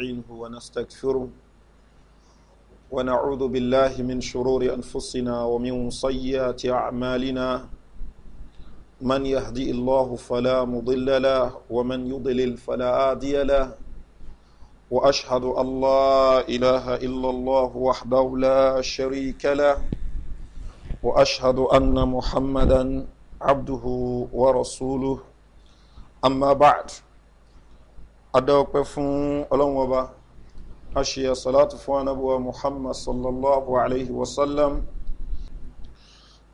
نستعينه ونستغفره ونعوذ بالله من شرور أنفسنا ومن سيئات أعمالنا من يهدي الله فلا مضل له ومن يضلل فلا هادي له واشهد ان لا اله الا الله وحده لا شريك له واشهد ان محمدا عبده ورسوله اما بعد adáwọ̀pẹ́ fún ọlọ́run ọba a ṣe àsàlátù fún anábọ̀wá muhammad sallallahu alaihi wasallam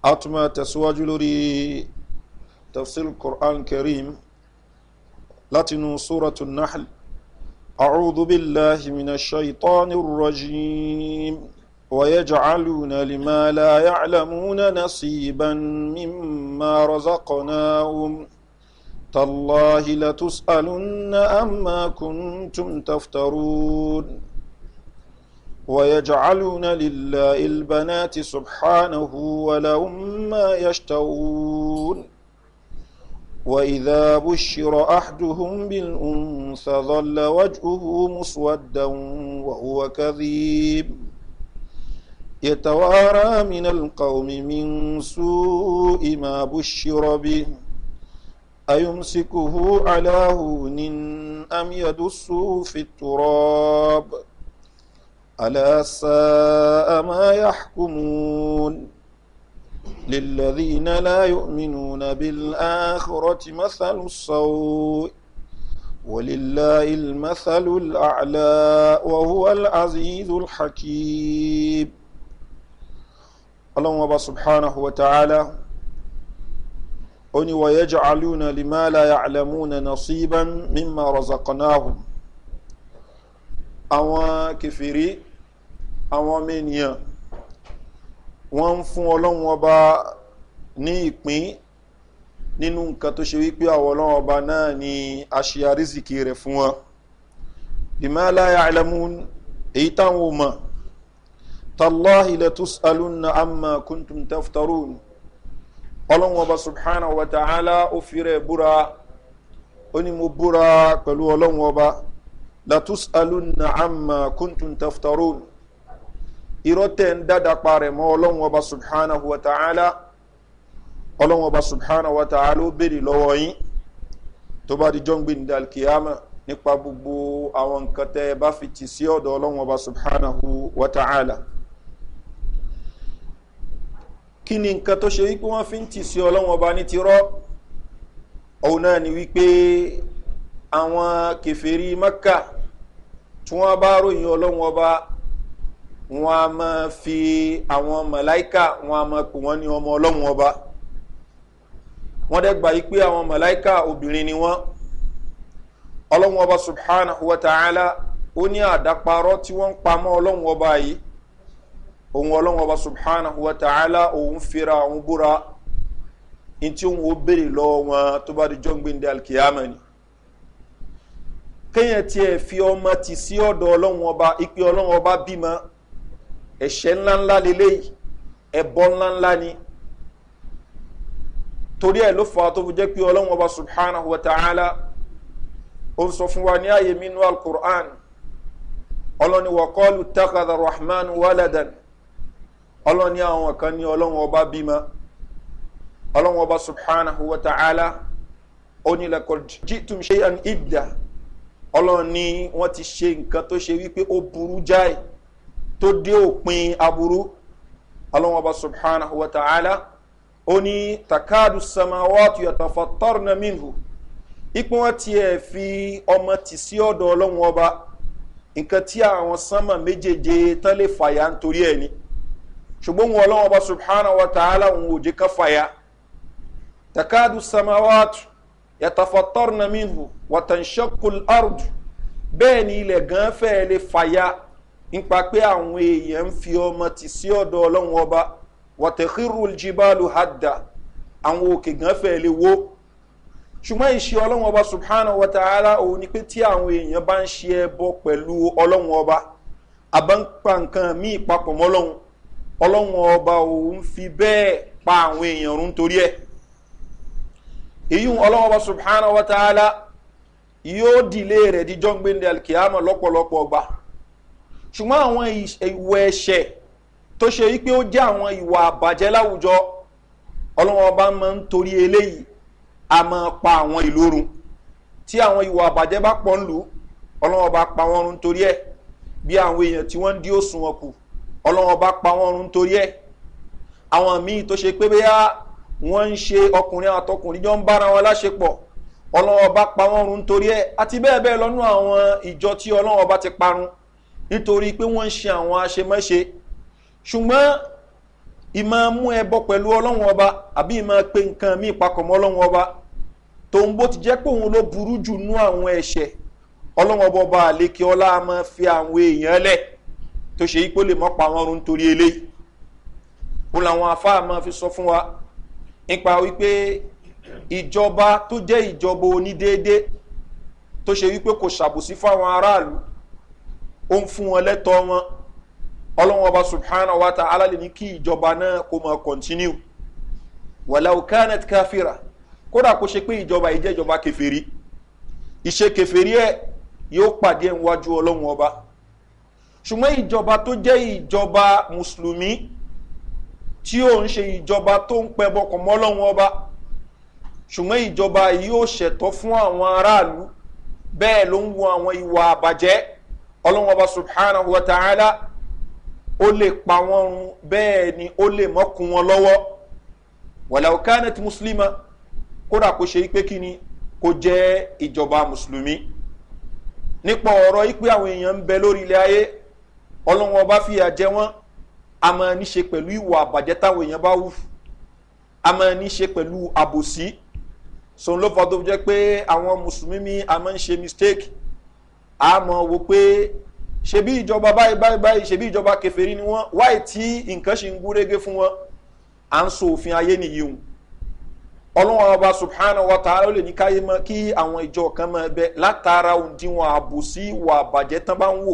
a tún máa tẹ̀síwájú lórí tafsir quran karim látinú suratu nahl أعوذ بالله من الشيطان الرجيم ويجعلون لما لا يعلمون نصيبا مما رزقناهم تالله لتسألن أما كنتم تفترون ويجعلون لله البنات سبحانه ولهم ما يشتهون وإذا بشر أحدهم بالأنثى ظل وجهه مسودا وهو كذيب يتوارى من القوم من سوء ما بشر به أيمسكه على هون أم يدسه في التراب ألا ساء ما يحكمون للذين لا يؤمنون بالآخرة مثل السوء ولله المثل الأعلى وهو العزيز الحكيم اللهم سبحانه وتعالى ó ní wọ́n yẹ́jọ́ alúna limala ya'lamuna nasiban mimma razaqnahum àwọn kẹfìrí àwọn ọmọ ènìyàn wọ́n ń fún ọlọ́run ọba ní ìpín nínú nǹkan tó ṣe wípé àwọn ọlọ́run ọba náà ni aṣíya rísìkì rẹ̀ fún wọn limala ya'lamun èyí táwọn ò mọ̀ tallahi latus'alunna amma kuntum taftarun ọlọ́run ọba subhanahu wa ta'ala ó fi rẹ̀ búra ó ní mo búra pẹ̀lú ọlọ́run ọba latus alunna amma kuntun taftarun irọ́ tẹ̀ ń dáadáa parẹ̀ mọ́ ọlọ́run ọba subhanahu wa ta'ala ọlọ́run ọba subhanahu wa ta'ala ó béèrè lọ́wọ́ yín tó bá di jọ́ngbé ní dalkiyama nípa gbogbo àwọn nǹkan tẹ́ bá fi tì sí ọ̀dọ̀ ọlọ́run ọba subhanahu wa ta'ala kí ni nǹkan tó ṣe wípé wọ́n fi ń tì sí ọlọ́wọ́n ọba ní ti rọ́ òun náà ni wípé àwọn kẹfẹ́rí mẹ́kà tí wọ́n bá ròyìn ọlọ́wọ́n ọba wọn a máa fi àwọn mọ̀láìkà wọn a máa pè wọ́n ní ọmọ ọlọ́wọ́n ọba wọ́n dẹ́ gbà yí àwọn mọ̀láìkà obìnrin ni wọ́n ọlọ́wọ́n ọba subhanahu wa ta'ala ó ní àdáparọ́ tí wọ́n ń pamọ́ ọlọ́wọ́n ọba yìí òun ọlọ́run ọba subhanahu wa ta'ala òun fira òun búra in tí òun ó béèrè lọ́wọ́ wọn tó bá di jọ́ngbìndé alkiyama ni kéèyàn tiẹ̀ fi ọmọ tì sí ọ̀dọ̀ ọlọ́run ọba ìpè ọlọ́run ọba bímọ ẹ̀ṣẹ̀ ńláńlá lélẹ́yìí ẹ̀bọ ńláńlá ni torí ẹ̀ ló fà á tó fi jẹ́ pé ọlọ́run ọba subhanahu wa ta'ala ó sọ fún wa ní àyè mínú alukur'an ọlọ́ni wà kọ́ọ̀lù takadà rahman wàládàn ọlọ́run ní àwọn kan ní ọlọ́run ọba bímọ ọlọ́run ọba subhanahu wa ta'ala onílẹ̀kọ̀ jítum ṣe an ibda ọlọ́run ní wọ́n ti ṣe nǹkan tó ṣe wípé ó burú jáì tó dé òpin aburú ọlọ́run ọba subhanahu wa ta'ala ó ní takadu samawatu yatafattarna minhu ipò wọn tiẹ̀ fi ọmọ tì sí ọ̀dọ̀ ọlọ́run ọba nǹkan tí àwọn sánmà méjèèje tán lè fàyà nítorí ẹ̀ ni ṣùgbọ́n wọn ọlọ́wọ́ bá subhana wa ta'ala wọn ò jẹ́ ká fàyà takadu samawatu yatafatar na minhu watanshakul ard bẹ́ẹ̀ ni ilẹ̀ gan fẹ́ẹ́ lè fàyà nípa pé àwọn èèyàn ń fi ọmọ tì sí ọ̀dọ̀ ọlọ́wọ́ ọba wàtẹ̀kírù jibalu hadda àwọn òkè gan fẹ́ẹ́ lè wó ṣùgbọ́n ìṣe ọlọ́wọ́n ọba subhana wa ta'ala òun ni pé tí àwọn èèyàn bá ń ṣe ẹbọ pẹ̀lú ọlọ́wọ́n ọba àbá nǹkan míì papọ̀ mọ́lọ́hun ọlọ́run ọba òun fi bẹ́ẹ̀ pa àwọn èèyàn rún torí ẹ̀ èyí ọlọ́run ọba subhanahu wa ta'ala yóò dìlé rẹ̀ díjọ́ ń gbéńdé alkiyama lọ́pọ̀lọpọ̀ ọgbà ṣùgbọ́n àwọn ìwẹ̀ ẹ̀ṣẹ̀ tó ṣe wípé ó jẹ́ àwọn ìwà àbàjẹ́ láwùjọ ọlọ́run ọba máa ń torí eléyìí a máa pa àwọn ìlú run tí àwọn ìwà àbàjẹ́ bá pọ̀ ń lù ọlọ́run ọba pa wọ́n run torí ẹ̀ bí àwọn èèyàn tí wọ́n ń dí òsùn wọn ọlọ́wọ́n bá pa wọ́n run torí ẹ̀ àwọn míì tó ṣe pé bóyá wọ́n ń ṣe ọkùnrin àtọkùnrin jọ ń bára wọn láṣepọ̀ ọlọ́wọ́n bá pa wọ́n run torí ẹ̀ àti bẹ́ẹ̀ bẹ́ẹ̀ lọ́nú àwọn ìjọ tí ọlọ́wọ́n bá ti parun nítorí pé wọ́n ń ṣe àwọn aṣemọ́ṣe ṣùgbọ́n ìmọ̀ mú ẹbọ pẹ̀lú ọlọ́wọ́n ọba àbí ìmọ̀ pé nǹkan míì papọ̀ mọ́ ọlọ́wọ́n ọba tòun bó ti jẹ́ pé òun ló burú jù nú àwọn ẹ̀ṣẹ̀ ọlọ́wọ́n ọba àlekè ọlá máa fi àwọn èèyàn lẹ̀ tó ṣe ipò lè mọ́ pa wọn run torí eléyìí òun làwọn afáà máa fi sọ fún wa nípa wípé ìjọba tó jẹ́ ìjọba onídéédé tó ṣe wípé kò ṣàbòsí fáwọn aráàlú ó ń fún wọn lẹ́tọ́ wọn ọlọ́wọ́n ọba subhana wa ta alálẹ̀ ní kí ìjọba náà kó máa kọ̀ntínú wàláwù kánẹt káfíra kódà kó ṣe pé ìjọba yìí jẹ́ ìjọba kẹfẹ́rí ìṣe kẹfẹ́rí ẹ̀ yóò pàdé ẹ̀ wájú ọlọ́wọ́n ọba ṣùgbọ́n ìjọba tó jẹ́ ìjọba mùsùlùmí tí ó ń ṣe ìjọba tó ń pẹbọ kọ̀ mọ́ lọ́wọ́ ọba ṣùgbọ́n ìjọba yìí ó ṣẹ̀tọ́ fún àwọn aráàlú bẹ́ẹ̀ ló ń wo àwọn ìwà àbàjẹ́ ọlọ́wọ́ ọba subhanahu wa ta'ala ó lè pa wọ́n run bẹ́ẹ̀ ni ó lè mọ́kun wọn lọ́wọ́ wàláwù kánẹ́tì mùsùlùmá kódà kó ṣe pé kí ni kó jẹ́ ìjọba mùsùlùmí nípa ọ̀rọ̀ yìí pé àwọn èèyàn ń bẹ lórí ilẹ̀ ayé ọlọ́run ọba fìyà jẹ wọ́n a máa ní ṣe pẹ̀lú ìwà àbàjẹ́ táwọn èèyàn bá wù a máa ní ṣe pẹ̀lú àbòsí sòun ló fọ tó jẹ́ pé àwọn mùsùlùmí mi a máa ń ṣe mistake a mọ̀ wò pé ṣebí ìjọba báyìí báyìí báyìí ṣebí ìjọba kẹfẹ́rí ni wọ́n wáyé tí nǹkan ṣe ń gúrégé fún wọn à ń so òfin ayé nìyí hùn ọlọ́wọ́n ọba subhanahu wa ta'ala ó lè ní káyé mọ́ kí àwọn ìjọ kan mọ́ ẹbẹ látara òdiwọ̀n àbòsí ìwà àbàjẹ́ tán bá ń wò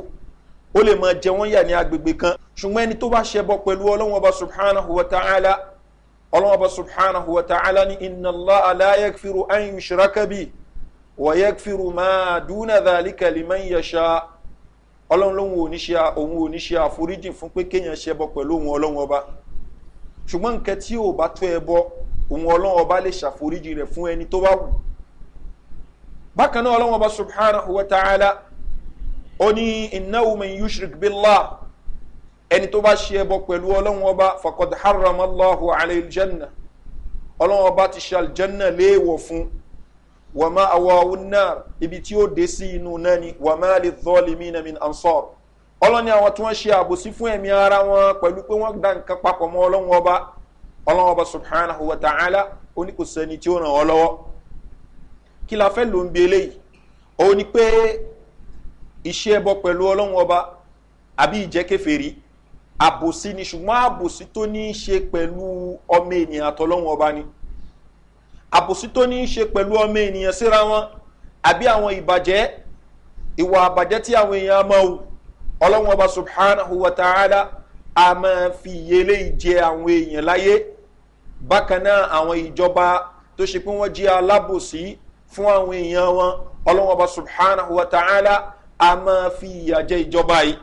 ó lè máa jẹ wọ́n yà ní agbègbè kan ṣùgbọ́n ẹni tó bá ṣẹbọ pẹ̀lú ọlọ́wọ́n ọba subhanahu wa ta'ala ọlọ́wọ́n ọba subhanahu wa ta'ala ni iná lọ aláyẹ̀kfiru ayun ṣirakabi wọ̀yẹ̀kfiru máa dúnà dàlíkà lìmọ̀ ń yẹṣà ọlọ́run lóhun oníṣẹ́ òun oníṣẹ́ àforíjì fún pé kéèyàn ṣẹbọ pẹ̀lú òun ọlọ́wọ́n ọba ṣùgbọ́n nǹkan tí ò bá tó ẹbọ òun ọlọ́wọ́n ọba lè ṣàforíjì rẹ̀ fún ẹni tó bá wù bákan náà ọlọ́wọ́n ọba subhanahu wa ta'ala ó ní ìnáwó mi yushrik billah ẹni tó bá ṣe ẹbọ pẹ̀lú ọlọ́run ọba fakọ̀dé haramallahu alayhi janna ọlọ́run ọba ti ṣe aljanna léèwọ̀ fún wà má àwọ̀ náà ibi tí ó dé sí inú náà ni wà má lè zọ́ọ̀lì mí nàmín ansọ́r ọlọ́ni àwọn tí wọ́n ṣe àbòsí fún ẹ̀mí ara wọn pẹ̀lú pé wọ́n dá nǹkan papọ̀ mọ́ ọlọ́run ọba ọlọ́run ọba subhanahu wa ta'ala oníkòsẹ́ni tí ó ràn ọ́ lọ́wọ́ kí la fẹ́ ló ń bi eléyìí òun ni pé iṣẹ́ ẹbọ pẹ̀lú ọlọ́run ọba àbí ìjẹ́kẹfẹ́rí àbòsí ni ṣùgbọ́n àbòsí tó ní í ṣe pẹ̀lú ọmọ ènìyàn àtọ́lọ́run ọba ni àbòsí tó ní í ṣe pẹ̀lú ọmọ ènìyàn síra wọn àbí àwọn ìbàjẹ́ ìwà àbàjẹ́ tí àwọn èèyàn máa wù ọlọ́run ọba subhanahu wa ta'ala a máa fi yẹlé ìjẹ àwọn èèyàn láyé bákan náà àwọn ìjọba tó ṣe pé wọ́n jẹ́ alábòsí fún àwọn èèyàn wọn ọlọ́run ọba subhanahu wa ta'ala a máa fi ìyà jẹ ìjọba yìí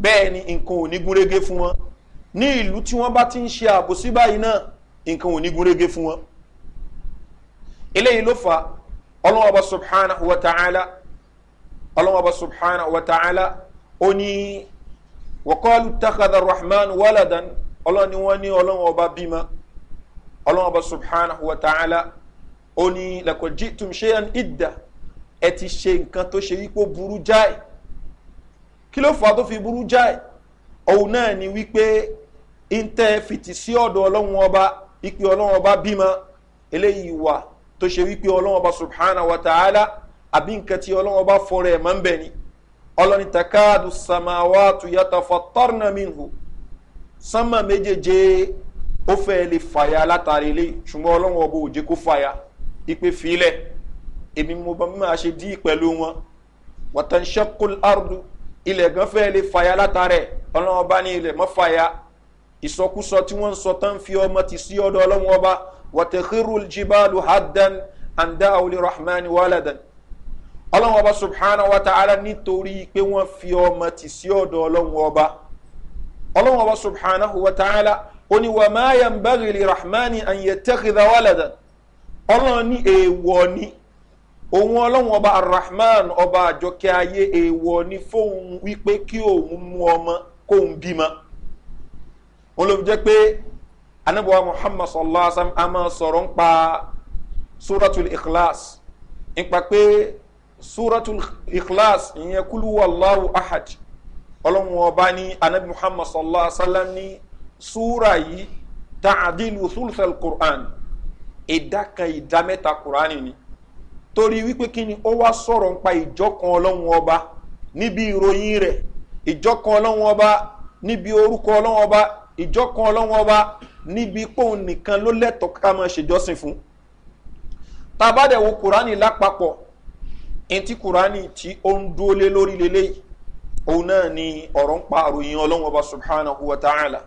bẹ́ẹ̀ ni nǹkan ò ní gúnrégé fún wọn ní ìlú tí wọ́n bá ti ń ṣe àbòsí báyìí náà nǹkan ò ní gúnrégé fún wọn eléyìí ló fà ọlọ́wọ́ bá subhana wa ta'ala ọlọ́wọ́ bá subhana wa ta'ala ó ní wọ́kọ́lù takada rahman waladan ọlọ́wọ́ ni wọ́n ní ọlọ́wọ́ bá bímọ ọlọ́wọ́ bá subhana wa ta'ala ó ní lakọ̀jí tum idda ẹ ti ṣe nǹkan tó ṣe wípé ó burú jáì kí ló fà á tó fi burú jáì òun náà ni wípé ìntẹ́ fìtì sí ọ̀dọ̀ ọlọ́run ọba ìpè ọlọ́run ọba bímọ eléyìí wà tó ṣe wípé ọlọ́run ọba subhana wa ta'ala àbí nǹkan tí ọlọ́run ọba fọrọ ẹ̀ máa ń bẹ̀ ni ọlọ́ni takadu samawa tuyata fatarna minhu sánmà méjèèjì ó fẹ́ lè fàyà látàrí ilé ṣùgbọ́n ọlọ́run ọba ò jẹ́ kó fàyà ìpè fílẹ̀ èmi mo bá máa ṣe dí pẹ̀lú wọn wàtánṣẹ́kùl ardu ilẹ̀ gan fẹ́ lè fàyà látàrẹ̀ ọlọ́run ọba ní ilẹ̀ mọ́ fàyà ìsọkúsọ tí wọ́n ń sọ tán fi ọmọ ti sí ọdọ ọlọ́run ọba wàtẹ̀kírù jibalu haddan anda awli rahman waladan ọlọ́run ọba subhanahu wa ta'ala nítorí pé wọ́n fi ọmọ ti sí ọdọ ọlọ́run ọba ọlọ́run ọba subhanahu wa ta'ala ó ní wàmáyà ń bá rìlì rahman àyẹ̀tẹ̀kìdá waladan ọlọ́run ní èèwọ̀ ni. E òun ọlọ́run ọba arahman ọba àjọkẹ́ ayé èèwọ̀ ni fóun wípé kí òun mú ọmọ kóun bímọ wọn ló fi jẹ́ pé anabuwa muhammad sallallahu alaihi wa sallam a máa sọ̀rọ̀ ń pa suratul ikhlas ń pa pé suratul ikhlas ìyẹn kúlú wàlláhu ahad ọlọ́run ọba ní anabi muhammad sallallahu alaihi wa sallam ní súra yìí tàdílù thulthal quran ìdá kan ìdá mẹ́ta quran ni torí wípé kí ni ó wá sọ̀rọ̀ nípa ìjọkan ọlọ́run ọba níbi ìròyìn rẹ̀ ìjọkan ọlọ́run ọba níbi orúkọ ọlọ́run ọba ìjọkan ọlọ́run ọba níbi pòun nìkan ló lẹ́tọ̀ọ́ ká máa ṣèjọ́sìn fún tabadẹ̀ wo kùránì lápapọ̀ ẹni tí kùránì tí ó ń dúó lé lórí lélẹ́yìí òun náà ni ọ̀rọ̀ ń pa àròyìn ọlọ́run ọba subhanahu wa ta'ala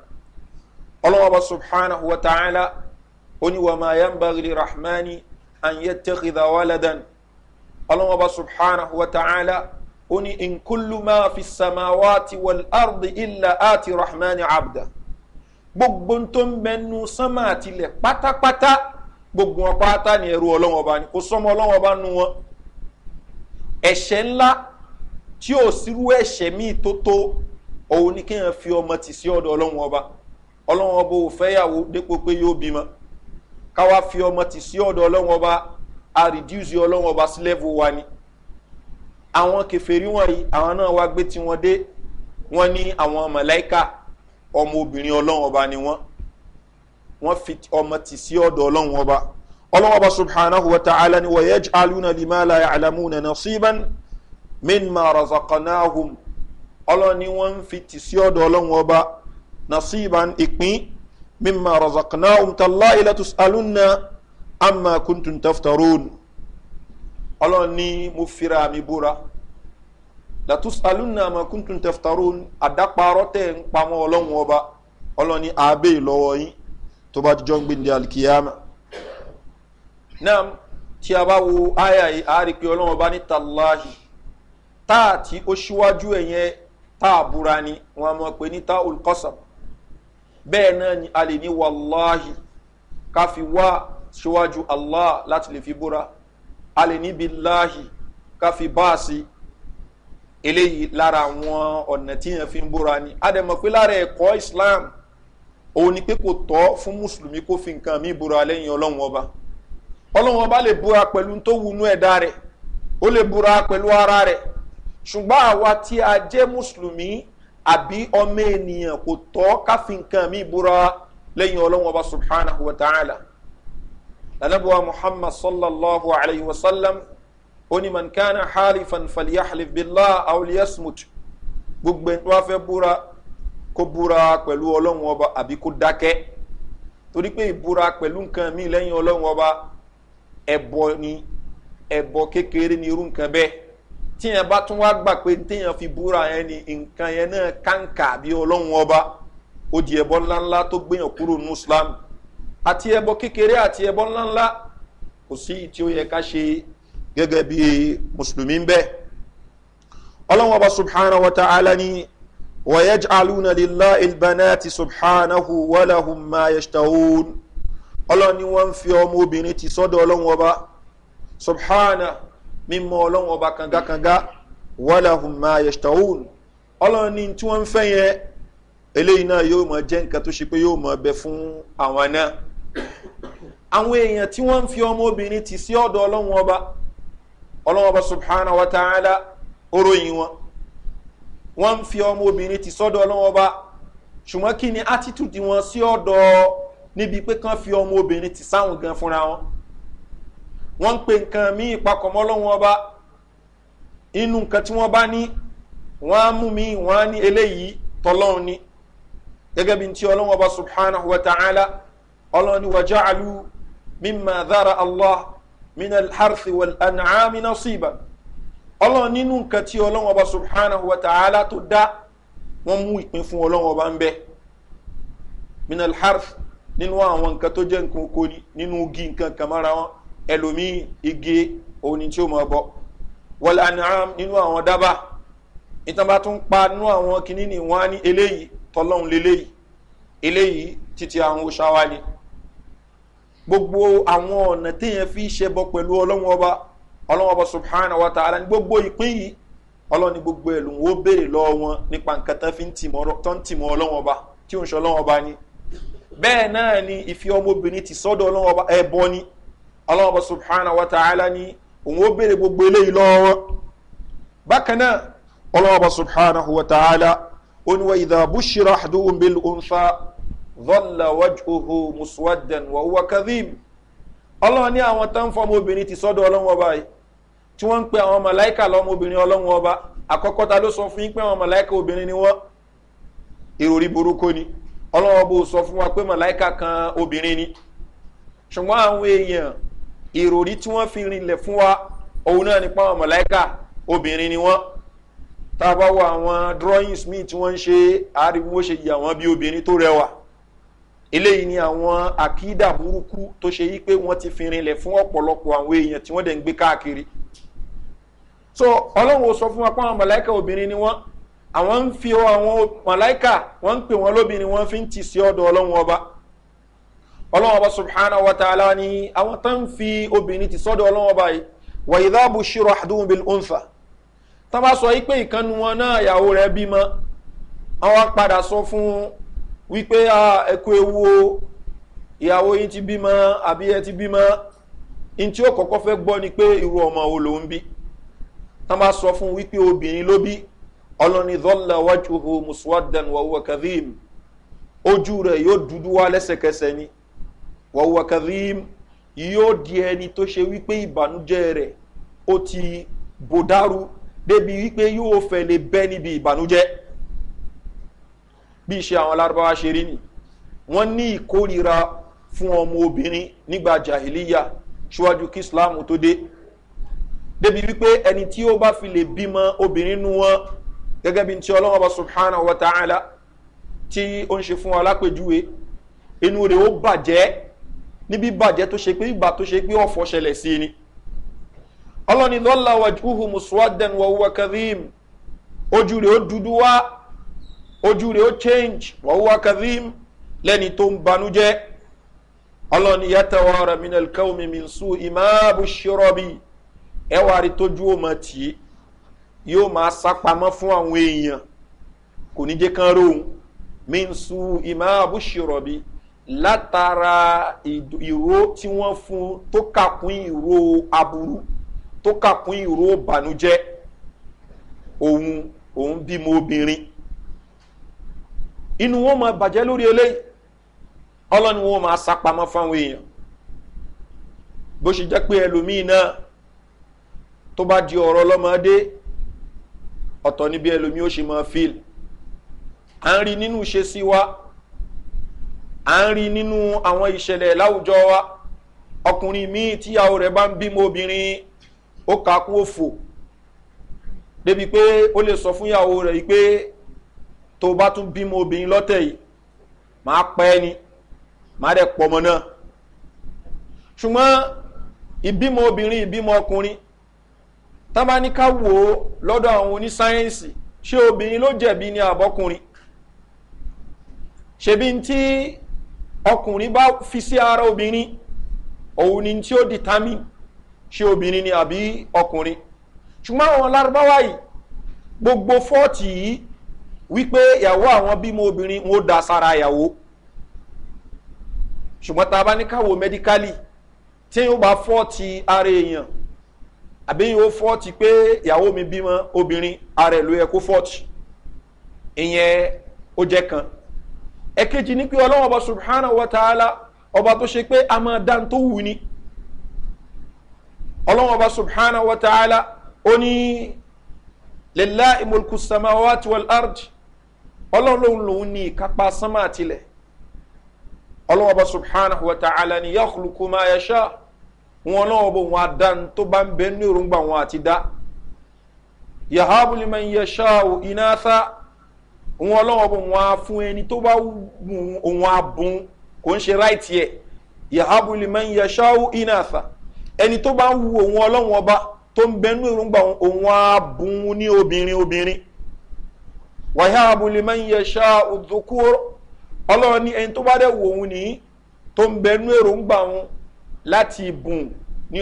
ọlọ́run ọba subhanahu wa ta'ala oníwàmà yamba rí rahmani àyẹ tẹ́kìdá wàlẹ́dẹ́n ọlọ́mọba subhanahu wa ta'ala ó ní nkúlù máa fi sàmáwá ti wọ̀l ardi ilà àti rahman abda gbogbo tó ń mẹnu sánmà àtìlẹ̀ pátápátá gbogbo wọn pátá ni ẹrú ọlọ́mọba ni kò sọmọ ọlọ́mọba nu wọn ẹ̀ṣẹ̀ ńlá tí ò sírú ẹ̀ṣẹ̀ míì tó tó òun ni kéèyàn fi ọmọ tì sí ọ̀dọ̀ ọlọ́mọba ọlọ́mọba ò fẹ́yàwó dépò pé yóò bímọ káwá fi ọmọ tì sí ọ̀dọ̀ ọlọ́wọ́n ọba a reduce ọlọ́wọ́n ọba sí level wa ni àwọn kẹfẹ́rí wọ̀nyí àwọn náà wá gbé tí wọ́n dé wọ́n ní àwọn mọ̀láìkà ọmọ obìnrin ọlọ́wọ́n ọba ni wọ́n wọ́n fi ọmọ tì sí ọ̀dọ̀ ọlọ́wọ́n ọba ọlọ́wọ́n ọba subhanahu wa ta'ala ni wọ́yẹ́ aluna limala alamuna nasiban min ma razaqanahum ọlọ́ni wọ́n fi tì sí ọ̀dọ̀ ọlọ́wọ́n ọba nasiban ìpín mimma razaqnahum tallahi latusalunna amma kuntum taftarun ọlọ́run ní mo fira mi búra latusalunna amma kuntum taftarun àdáparọ́ tẹ̀ ń pamọ́ ọlọ́run ọba ọlọ́run ní abẹ́ ìlọ́wọ́ yín tó bá jọjọ́ ń gbìndé alkiyama náà tí a bá wo àyà yìí a rí ọba ní tallahi táà tí ó ṣíwájú ẹ̀yẹn táà búra ni wọ́n mọ̀ pé ní táà bẹ́ẹ̀ náà ni a lè ní wàláhì ká fi wá ṣíwájú allah láti lè fi búra a lè ní bíláhì ká fi báàsì eléyìí lára àwọn ọ̀nà tí yẹn fi ń búra ni a dẹ̀ mọ̀ pé lára ẹ̀kọ́ islam òun ni pé kò tọ́ fún mùsùlùmí kó fi nǹkan mi búra lẹ́yìn ọlọ́run ọba ọlọ́run ọba lè búra pẹ̀lú tó wunú ẹ̀dá rẹ̀ ó lè búra pẹ̀lú ara rẹ̀ ṣùgbọ́n àwa tí a jẹ́ mùsùlùmí àbí ọmọ ènìyàn kò tọ́ káfí nǹkan mi búra lẹ́yìn ọlọ́wọ́n ọba subhanahu wa ta'ala lanabuwa muhammad sallallahu alayhi wa sallam oni man kana halifan falyahlif billah awliyasmut gbogbo ẹni tó wá fẹ́ búra kó búra pẹ̀lú ọlọ́wọ́n ọba àbí kó dákẹ́ torí pé ìbúra pẹ̀lú nǹkan mi lẹ́yìn ọlọ́wọ́n ọba ẹ̀bọ ni ẹ̀bọ kékeré ni irú nǹkan bẹ́ẹ̀ tíyẹn bá tún wá gbà pé téèyàn fi búra yẹn ni nǹkan yẹn náà kàǹkà bí ọlọ́run ọba ó di ẹbọ ńláńlá tó gbéyàn kúrò ní islam àti ẹbọ kékeré àti ẹbọ ńláńlá kò sí tí ó yẹ ká ṣe gẹ́gẹ́ bí mùsùlùmí ń bẹ́ẹ̀ ọlọ́run ọba subhanahu wa ta'ala ni wàyẹ́j alúna lílá ìlbánáti subhanahu wàláhùn máa yẹ̀ṣtàún ọlọ́run ni wọ́n ń fi ọmọ ti sọ́dọ̀ ọlọ́run ọba subhanahu mímọ ọlọ́run ọba kangakanga wàhálà hùmà yẹ̀ṣtàún ọlọ́run ní tí wọ́n ń fẹ́ yẹn eléyìí náà yóò mọ jẹ́ nǹkan tó ṣe pé yóò mọ bẹ fún àwọn náà àwọn èèyàn tí wọ́n ń fi ọmọ ti sí ọ̀dọ̀ ọlọ́run ọba ọlọ́run ọba subhana wa ta'ala oróyìn wọn wọ́n ń fi ọmọ obìnrin ti sọ́dọ̀ ọlọ́run ọba ṣùgbọ́n kí ni attitude wọn sí ọ̀dọ̀ níbi pé kán fi ọmọ ti sáwọn gan fúnra wọn wọ́n ń pe nǹkan míì papọ̀ mọ́ ọlọ́run ọba inú nǹkan tí wọ́n bá ní wọ́n á mú mi wọ́n á ní eléyìí tọ́lọ́run ni gẹ́gẹ́ bí ti ọlọ́run ọba subhanahu wa ta'ala ọlọ́run ni wàjá àlù mímà dára allah mina alharsi wal an'ami nasiba ọlọ́run nínú nǹkan tí ọlọ́run ọba subhanahu wa ta'ala tó dá wọ́n mú ìpín fún ọlọ́run ọba ń bẹ́ mina alharsi nínú àwọn nǹkan tó jẹ́ nǹkan oko ni nínú igi nǹkan kan wọn ẹlòmí igi òní tí ó mọ bọ wọlé anam nínú àwọn dábà ìtànbà tó ń pa nínú àwọn kìíní ni wọn á ní eléyìí tọlọ́hún leléyìí eléyìí títí àwọn oṣáwá ni gbogbo àwọn ọ̀nà téèyàn fi ṣe pẹ̀lú ọlọ́wọ́n ọba ọlọ́wọ́n ọba subhana wa ta'ala ní gbogbo ìpín yìí ọlọ́wọ́n ní gbogbo ẹ̀ lòun ó béèrè lọ́wọ́ wọn nípa nǹkan tán fi ni bẹ́ẹ̀ náà ni ìfi ọmọbìnrin ti sọ́dọ̀ ọlọ́wọ́n ọba ni ọlọ́ọ̀bọ̀ subhana wa ta'ala ni òun ó béèrè gbogbo eléyìí lọ́wọ́ wọn bákan náà ọlọ́ọ̀bọ̀ subhana wa ta'ala ó ní wa ìdá bushira àdúhùn bí lóunfa zọ́là wájúhù muswaddan wa huwa kadhib ọlọ́ọ̀ ní àwọn tán fọmọ obìnrin ti sọ́dọ̀ ọlọ́wọ́ báyìí tí wọ́n ń pe àwọn mọ̀láìkà lọ́mọ ọlọ́wọ́ ọba àkọ́kọ́ ta ló sọ fún yín pé àwọn mọ̀láìkà obìnrin ni wọ́n ìròrí burúkú ni ọlọ́wọ́ bó sọ fún wa pé mọ̀láìkà kan obìnrin ni ṣùgbọ́n àwọn èèyàn ìròrí tí wọ́n fi rinlẹ̀ fún wa òun náà nípa àwọn mọ̀láìkà obìnrin ni wọ́n tá a bá wo àwọn drawings míì tí wọ́n ń ṣe àárín wọ́n ṣe yà wọ́n bí obìnrin tó rẹwà eléyìí ni àwọn àkídà burúkú tó ṣe yí pé wọ́n ti fi rinlẹ̀ fún ọ̀pọ̀lọpọ̀ àwọn èèyàn tí wọ́n dẹ̀ ń gbé káàkiri so ọlọ́run ò sọ fún wa pé àwọn mọ̀láìkà obìnrin ni wọ́n àwọn ń fi àwọn mọ̀láìkà wọ́n ń pè wọ́n lóbìnrin wọ́n fi ń tì sí ọ̀dọ̀ ọlọ́run ọba ọlọ́wọ́n ọba subhanahu wa ta'ala ni àwọn tó ń fi obìnrin ti sọ́dọ̀ ọlọ́wọ́n ọba yìí wà yìí dáàbò ṣírò àdúhùn bíi ọ̀nfà tó bá sọ pé ìkànnì wọn náà ìyàwó rẹ̀ bímọ àwọn padà sọ fún wípé ẹkọ ewu ìyàwó yìí ti bímọ àbí ẹ ti bímọ ní tí ó kọ́kọ́ fẹ́ gbọ́ ni pé irú ọmọ wo ló bí tó bá sọ fún wípé obìnrin ló bí ọlọ́ni dọ́là wájú ho musuwadan ojú rẹ̀ yóò dúdú wá lẹ́sẹkẹsẹ ni wàhùwà kazeem yóò di ẹni tó ṣe wípé ìbànújẹ́ rẹ̀ ó ti bò dárú débi wípé yóò fẹ́ lè bẹ́ níbi ìbànújẹ́ bí iṣẹ́ àwọn alárúbáwá ṣe rí ni wọ́n ní ìkórira fún ọmọ obìnrin nígbà jahiliya ṣíwájú kí islam tó dé débi wípé ẹni tí ó bá fi lè bímọ obìnrin nu wọn gẹ́gẹ́ bí ti ọlọ́wọ́ bá subhanahu wa ta'ala tí ó ń ṣe fún wa lápèjúwe inú rẹ̀ ó bàjẹ́ ní bíbàjẹ́ tó ṣe pé ìgbà tó ṣe pé ọ̀fọ̀ ṣẹlẹ̀ sí ni ọlọ́ni lọ́la wàjúhù mùsùlùmí wàhùwà kazeem ojú rẹ̀ ó dúdú wá ojú rẹ̀ ó change wàhùwà kazeem lẹ́ni tó ń banújẹ́ ọlọ́ni yàtọ̀ wàrà minal kawmi min su imaabu shirobi ẹwà rí tójú ó mọ̀ tì í yóò máa sápamọ́ fún àwọn èèyàn kò ní jẹ́ kán róhun min su imaabu shirobi látara ìró tí wọ́n fún tó kàkún ìró aburú tó kàkún ìró ìbànújẹ́ òun òun bímọ obìnrin inú wọn máa bàjẹ́ lórí eléyìí ọlọ́ni wọn máa sapamọ́ fáwọn èèyàn bó ṣe jẹ́ pé ẹlòmíì náà tó bá di ọ̀rọ̀ ọlọ́mọdé ọ̀tọ̀ níbi ẹlòmíì ó ṣe máa fíìl à ń rí nínú ṣe sí wa à ń rí nínú àwọn ìṣẹ̀lẹ̀ láwùjọ wa ọkùnrin míì tíyàwó rẹ̀ bá ń bímọ obìnrin ó kà á kú òfò débi pé ó lè sọ fún ìyàwó rẹ̀ pé tó bá tún bímọ obìnrin lọ́tẹ̀ yìí máa pẹ́ ni máa dẹ̀ pọ̀mọ́ náà ṣùgbọ́n ìbímọ obìnrin ìbímọ ọkùnrin tá ní ká wò ó lọ́dọ̀ àwọn onísáyẹ́ǹsì ṣé obìnrin ló jẹ̀bi ni àbọ́kùnrin ṣebí tí ọkùnrin bá fi sí ara obìnrin òun ni tí ó determine ṣe obìnrin ni àbí ọkùnrin ṣùgbọ́n àwọn lárúbáwá yìí gbogbo fọ́ọ̀tì yìí wípé ìyàwó àwọn bímọ obìnrin wọn ó da sára ìyàwó ṣùgbọ́n tá a bá ní káwọ mẹ́díkálì tí yóò bá fọ́ọ̀tì ara èèyàn àbí yóò fọ́ọ̀tì pé ìyàwó mi bímọ obìnrin ara ẹ̀ ló yẹ kó fọ́ọ̀tì ìyẹn ó jẹ́ kan ẹ̀kejì ní pé ọlọ́wọ́n ọba subhanahu wa ta'ala ọba tó ṣe pé a máa dá tó wù ni ọlọ́wọ́n ọba subhanahu wa ta'ala ó ní lẹ́lá ìmọ̀lùkù samawati wal ard ọlọ́run lòun lòun ní ìkápá sánmà àtìlẹ̀ ọlọ́wọ́n ọba subhanahu wa ta'ala ni yàkùlùkù máa yẹ wọn náà bó wọn adán tó bá ń bẹ ní òrùngbà wọn àti dá yahabu liman yasha inatha òun ọlọ́wọ́ bò wọn á fún ẹni tó bá òun á kò ń ṣe ráìtì ẹ̀ yahabuli man yashau inasa ẹni tó bá ń wu òun ọlọ́wọ́ ọba tó ń bẹnu èròǹgbà òun á ní obìnrin obìnrin wàhábùlì máa ń yẹṣà òdòkúrò ní ẹni tó bá dẹ̀ wò òun ní tó ń bẹnú èròǹgbà láti bùn ní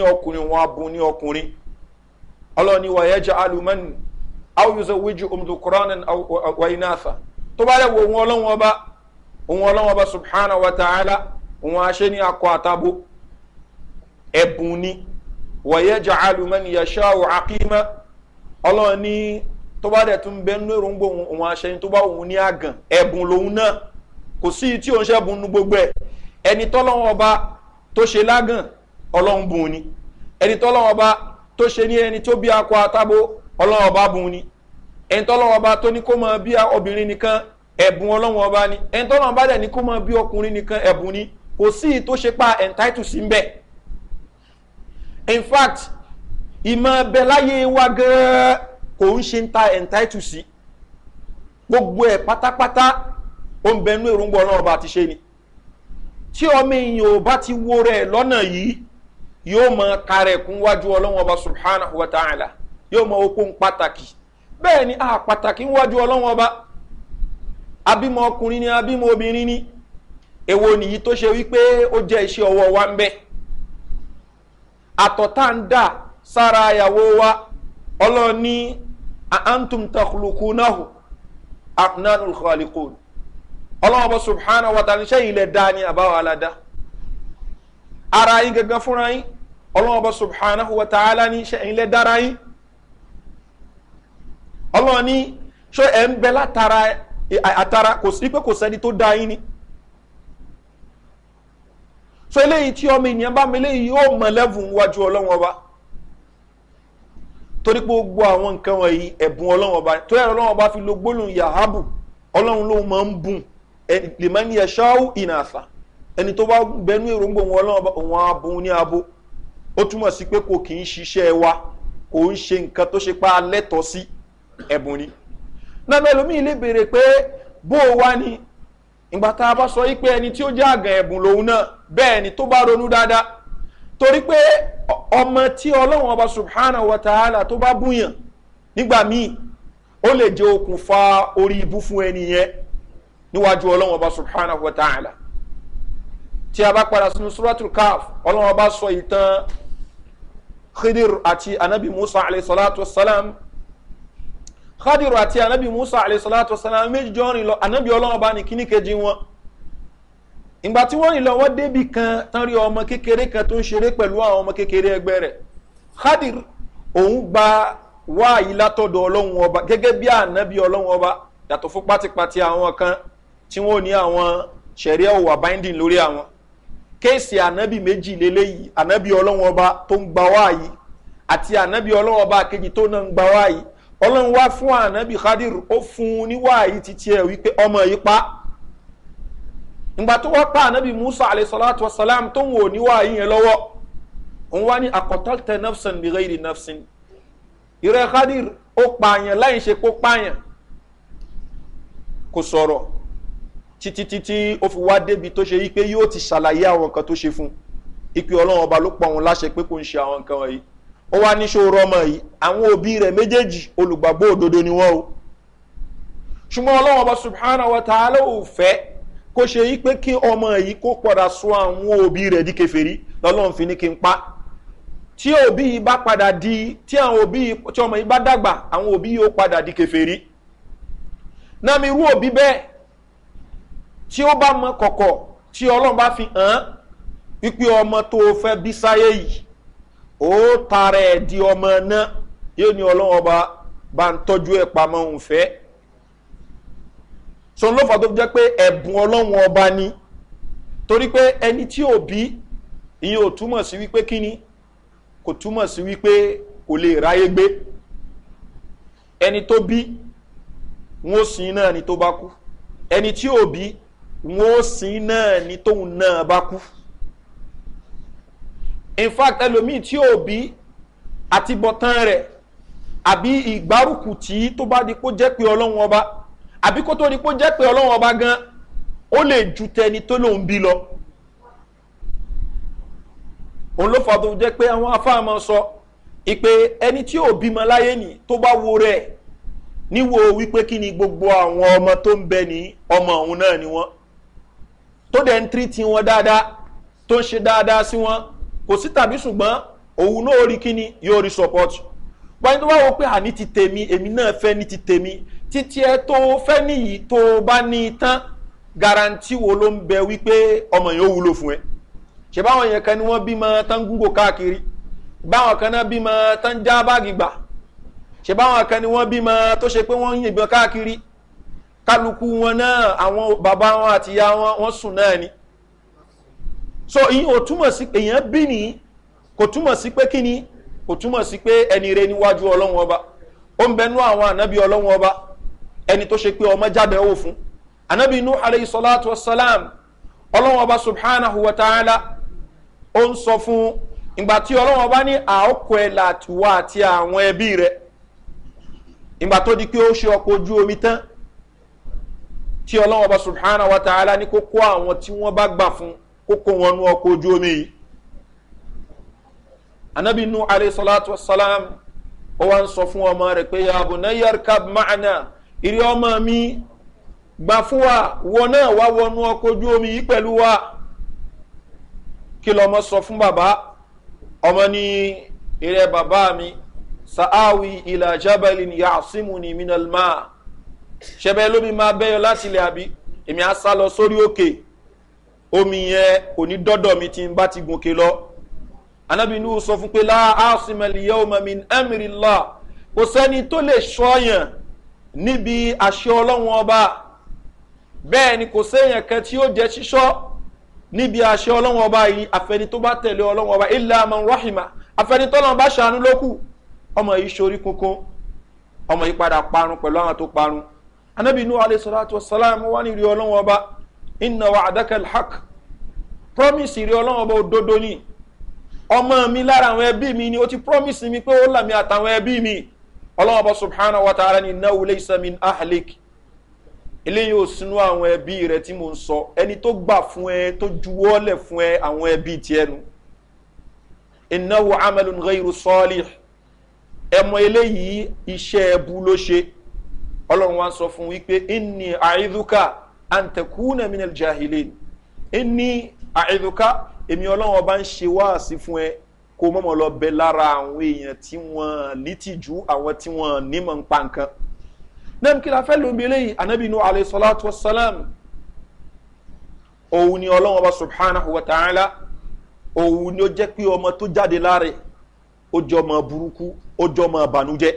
aw yuzawijuhum umdukuranin wa inatha tó bá yẹ wo òun ọlọ́wọ́n ọba òun ọlọ́wọ́n ọba subhanahu wa ta'ala òun aṣẹ́ ní akọ àtàbó ẹ̀bùn ni wọ̀yẹ́ jà alùmọ́ni yẹ̀ṣẹ́ àwọ̀ àkímọ́ ọlọ́run ní tó bá dẹ̀ tún bẹ nínú èròǹgbò òun aṣẹ́ ní tó bá òun ní àgàn ẹ̀bùn lòun náà kò sí tí òun ṣẹ́ nu gbogbo ẹ̀ ẹni tọ́lọ́wọ́n ọba tó ṣe lágàn ọlọ́run bùn ni ẹni tọ́lọ́wọ́n ọba tó ṣe ní ẹni tó bí akọ àtàbó ọlọ́wọ́ bá bùn ni ẹni tọ́lọ́wọ́ bá tó ní kó mọ bí obìnrin nìkan ẹ̀bùn ọlọ́wọ́ bá ní ẹni tọ́lọ́wọ́ bá dẹ̀ ní kó mọ bí ọkùnrin nìkan ẹ̀bùn ni kò sí tó ṣe pa entitle sí ń bẹ̀. in fact ìmọ̀ ẹbẹ̀ láyé wa gan-an kò ń ṣe ń ta entitle sí gbogbo ẹ̀ pátápátá ó ń bẹnu èròǹgbọ̀ ọlọ́wọ́ bá ti ṣe ni tí ọmọ èèyàn ò bá ti wo rẹ̀ lọ́nà yìí yóò mọ kárẹ̀kún wájú ọlọ́wọ́ ọba subhanahu wa ta'ala yóò mọ okun pàtàkì bẹ́ẹ̀ ni a pàtàkì ń wájú ọlọ́wọ́n ọba abímọ ọkùnrin ni abímọ obìnrin ni èwo nìyí tó ṣe wípé ó jẹ́ iṣẹ́ ọwọ́ wa ń bẹ́ àtọ̀tá ń dà sára àyàwó wa ọlọ́ọ̀ni àǹtùm tàkùlùkù náà àfúnánù kọ́ọ̀lìkùn ọlọ́wọ́n bá subhanahu wa ta'ala ṣẹ́yìn ilẹ̀ dáa àbáwọ̀ aládá ara yín gangan fúnra yín ọlọ́wọ́n bá subhanahu wa ta'ala ni dára yín ọlọ́run ní ṣé ẹ̀ ń bẹ látara àtara kò sí pé kò sẹ́ni tó dá yín ni so eléyìí tí ọmọ ènìyàn bá mi léyìí yóò mọ lẹ́bùn wájú ọlọ́run ọba torí pé gbogbo àwọn nǹkan wọ̀nyí ẹ̀bùn ọlọ́run ọba tó yàrá ọlọ́run ọba fi lo gbólóhùn yahabu ọlọ́run ló máa ń bùn lèmọ́ni ẹ̀ṣáwù ìnàṣà ẹni tó bá bẹnu èròǹgbò wọn ọlọ́run ọba òun abùn ní abo ó túmọ̀ sí pé kò kì í ṣiṣẹ́ wa kò ń ṣe nǹkan tó ṣe pa alẹ́tọ̀ sí ẹ̀bùn ni náà ẹlòmíì lè béèrè pé bó o wá ni ìgbà tá a bá sọ wípé ẹni tí ó jẹ́ àgàn ẹ̀bùn lòun náà bẹ́ẹ̀ ni tó bá ronú dáadáa torí pé ọmọ tí ọlọ́run ọba subhana wa ta'ala tó bá búyàn nígbà míì ó lè jẹ́ okùnfà orí ibú fún ẹni yẹn níwájú ọlọ́run ọba subhana wa ta'ala tí a bá padà sínú suratul kaf ọlọ́run ọba sọ ìtàn khidir àti anabi musa alayhi salatu wa salam khadiru àti anabi musa alayhisalatu wasalam méjì jọ rìn lọ anabi ọlọ́run bá ní kíní kejì wọn ìgbà tí wọ́n rìn lọ wọ́n débi kan tán rí ọmọ kékeré kan tó ń ṣeré pẹ̀lú àwọn ọmọ kékeré ẹgbẹ́ rẹ̀ khadiru òun gba wáàyí látọ̀dọ̀ ọlọ́run ọba gẹ́gẹ́ bí anabi ọlọ́run ọba yàtọ̀ fún pátipáti àwọn kan tí wọ́n ní àwọn ṣẹ̀ríà òwà binding lórí àwọn kéèsì anabi méjì lélẹ́yìí anabi ọlọ́run ọba tó ń gba wáàyí àti anabi ọlọ́run ọba kejì tó náà ń gba wáàyí ọlọ́run wá fún ànábì khadir ó fún un níwáyé títí ẹ̀ wípé ọmọ yìí pa ìgbà tó wọ́n pa ànábì musa alayhisalatu wasalam tó ń wò níwáyé yẹn lọ́wọ́ òun wá ní akọ̀tọ́tẹ̀ nafsan bí rẹ́ẹ̀dì nafsan ìrẹ́ khadir ó pààyàn láì ṣe kó pààyàn kò sọ̀rọ̀ títí títí ó fi wá débi tó ṣe yí pé yóò ti ṣàlàyé àwọn nǹkan tó ṣe fún ipe ọlọ́run ọba ló pọ̀ òun láṣẹ pé kò ń ṣe àwọn nǹkan wọ̀nyí ó wá ní ṣòro ọmọ yìí àwọn òbí rẹ méjèèjì olùgbàgbọ́ òdodo ni wọ́n o ṣùgbọ́n ọlọ́wọ́n ọba subhanahu wa ta'ala ò fẹ́ kó ṣe yí pé kí ọmọ yìí kó padà sún àwọn òbí rẹ̀ di kẹfẹ́rí lọ́lọ́run fi ní kí n pa tí òbí yìí bá padà di ọmọ yìí bá dàgbà àwọn òbí yìí ó padà di náà mọ kọkọ, tí bá fi hàn án wípé ọmọ tó bí ó tara ẹ̀ di ọmọ náà yóò ní ọlọ́wọ́ bá bá ń tọ́jú ẹ̀ pamọ́ òun fẹ́ sọ ló fà tó jẹ́ pé ẹ̀bùn ọlọ́wọ́ ọba ni torí pé ẹni tí ò bí ìyẹn ò túmọ̀ sí wípé kíni kò túmọ̀ sí wípé kò lè ráyé gbé ẹni tó bí wọn ó sin náà ni tó bá kú ẹni tí ò bí wọn ó sin náà ni tóun náà bá kú in fact ẹlòmíì tí ò bí àti bọ̀tán rẹ̀ àbí ìgbárùkù tí tó bá di kó jẹ́ pé ọlọ́run ọba àbí kó tó di kó jẹ́ pé ọlọ́run ọba gan ó lè ju tẹni tó lòun bí lọ òun ló fà tó jẹ́ pé àwọn afáàmọ́ sọ ìpè ẹni tí ò bímọ láyé nì tó bá wo rẹ̀ níwo wípé kí ni gbogbo àwọn ọmọ tó ń bẹ ní ọmọ òun náà ni wọ́n tó dẹ̀ ń tírìtì wọn dáadáa tó ń ṣe dáadáa sí wọn kò sí tàbí ṣùgbọ́n òun náà rí kíni yóò rí support wọ́n tó wá wọ pé àní ti tèmi èmi náà fẹ́ ní ti tèmi títí ẹ tó fẹ́ níyì tó bá ní i tán garanti wo ló ń bẹ wípé ọmọ yẹn ó wúlò fún ẹ ṣe báwọn yẹn kan ni wọ́n bímọ tán gúngò káàkiri báwọn kan náà bímọ tán já báàgì gbà ṣe báwọn kan ni wọ́n bímọ tó ṣe pé wọ́n ń yìnbọn káàkiri kálukú wọn náà àwọn bàbá wọn àtìyá wọn wọ́n sùn náà ni so ìyẹn ò túmọ̀ sí pé èèyàn bí ní kò túmọ̀ sí pé ni kò túmọ̀ sí pé ẹni rẹ níwájú ọlọ́run ọba ó ń bẹnu àwọn ànábì ọlọ́run ọba ẹni tó ṣe pé ọmọ jáde owó fún ànábì inú alayhi wasalam ọlọ́run ọba subhanahu wa ta'ala ó ń sọ fún ìgbà tí ọlọ́run ọba ní àókò ẹ̀ làtiwá àti àwọn ẹbí rẹ̀ ìgbà tó di pé ó ṣe ọkọ̀ ojú omi tán tí ọlọ́run ọba subhanahu wa ta'ala ní kó kó àwọn tí wọ́n bá gbà fún un kó kó wọn nú ọkọ̀ ojú omi yìí anabi nu alayhisalatu wasalam ó wá ń sọ fún ọmọ rẹ pé yaabu nayar kab maana ìrì ọmọ mi gbà fún wa wọn náà wá wọnú ọkọ̀ ojú omi yìí pẹ̀lú wa kí lọmọ sọ fún bàbá ọmọ ní ìrẹ bàbá mi sa'awi ilà jabalin yaasimu ni minalma ṣẹbẹ lómi máa bẹyọ láti ilẹ̀ àbí èmi á sá lọ sórí òkè. Okay omi yẹn kò ní dọ́dọ̀ mi tí n bá ti gòkè lọ anabi nuhu sọ fún pé láàásìmẹ̀lìyẹ omi ẹ̀mìrìlá kò sẹ́ni tó lè ṣọ́yàn níbi àṣẹ ọlọ́run ọba bẹ́ẹ̀ ni kò sẹ́yìn kan tí ó jẹ́ ṣíṣọ́ níbi àṣẹ ọlọ́run ọba yìí àfẹni tó bá tẹ̀lé ọlọ́run ọba ilẹ̀ amọ̀ rahima àfẹni tọ́lọ́run bá ṣàánú lókù ọmọ yìí ṣorí kunkun ọmọ yìí padà parun pẹ̀lú àwọn tó parun anabi alayhi salatu wa salam wà ní ọlọ́run ọba inna wa adaka alhaq promise rí ọlọ́run ọba òdodo ni ọmọ mi lára àwọn ẹbí mi ni ó ti promise mi pé ó làmì àtàwọn ẹbí mi ọlọ́run ọba subhanahu wa ta'ala ni náà wọlé isamin ahlik eléyìí ò sínú àwọn ẹbí rẹ tí mo ń sọ ẹni tó gbà fún ẹ tó juwọ́lẹ̀ fún ẹ àwọn ẹbí tiẹ̀ nu ìnáwó amalun ghayru sọ́ọ̀lì ẹmọ eléyìí iṣẹ́ ẹbú ló ṣe ọlọ́run wa sọ fún wípé inni àìdúkà àǹtẹ̀kùnà minel jahilin inni àìdùká èmi ọlọ́run ọba ń ṣe wáàsí fún ẹ kó mọ́mọ́ lọ bẹ lára àwọn èèyàn tí wọ́n nítìjú àwọn tí wọ́n nímọ̀ ń pa nǹkan náà kí la fẹ́ lóun bí eléyìí anábìínú alayhi salatu wa salam òun ni ọlọ́run ọba subhanahu wa ta'ala òun ni ó jẹ́ pé ọmọ tó jáde láre ó jọ ọmọ burúkú ó jọ ọmọ ìbànújẹ́